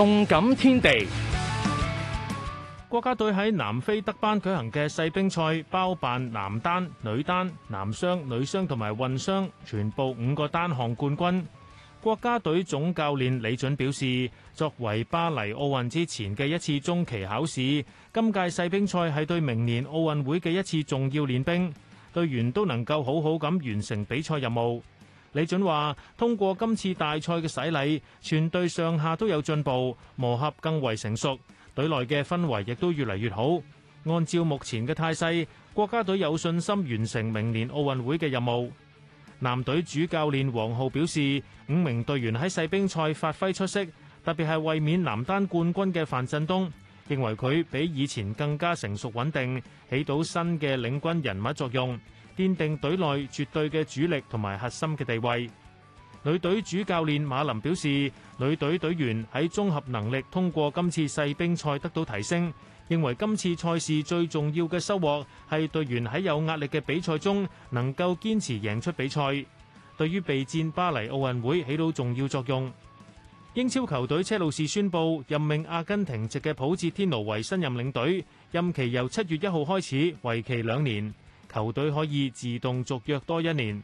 動感天地，國家隊喺南非德班舉行嘅世乒賽包辦男單、女單、男雙、女雙同埋混雙全部五個單項冠軍。國家隊總教練李隼表示，作為巴黎奧運之前嘅一次中期考試，今屆世乒賽係對明年奧運會嘅一次重要練兵，隊員都能夠好好咁完成比賽任務。李隼話：通過今次大賽嘅洗禮，全隊上下都有進步，磨合更為成熟，隊內嘅氛圍亦都越嚟越好。按照目前嘅態勢，國家隊有信心完成明年奧運會嘅任務。男隊主教練王皓表示，五名隊員喺世乒賽發揮出色，特別係衛冕男單冠軍嘅樊振東，認為佢比以前更加成熟穩定，起到新嘅領軍人物作用。奠定隊內絕對嘅主力同埋核心嘅地位。女隊主教練馬林表示，女隊隊員喺綜合能力通過今次世乒賽得到提升，認為今次賽事最重要嘅收穫係隊員喺有壓力嘅比賽中能夠堅持贏出比賽，對於備戰巴黎奧運會起到重要作用。英超球隊車路士宣布任命阿根廷籍嘅普捷天奴為新任領隊，任期由七月一號開始，為期兩年。球隊可以自動續約多一年。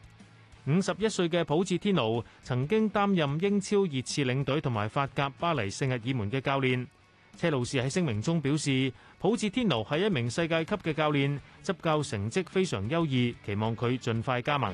五十一歲嘅普智天奴曾經擔任英超熱刺領隊同埋法甲巴黎聖日耳門嘅教練。車路士喺聲明中表示，普智天奴係一名世界級嘅教練，執教成績非常優異，期望佢盡快加盟。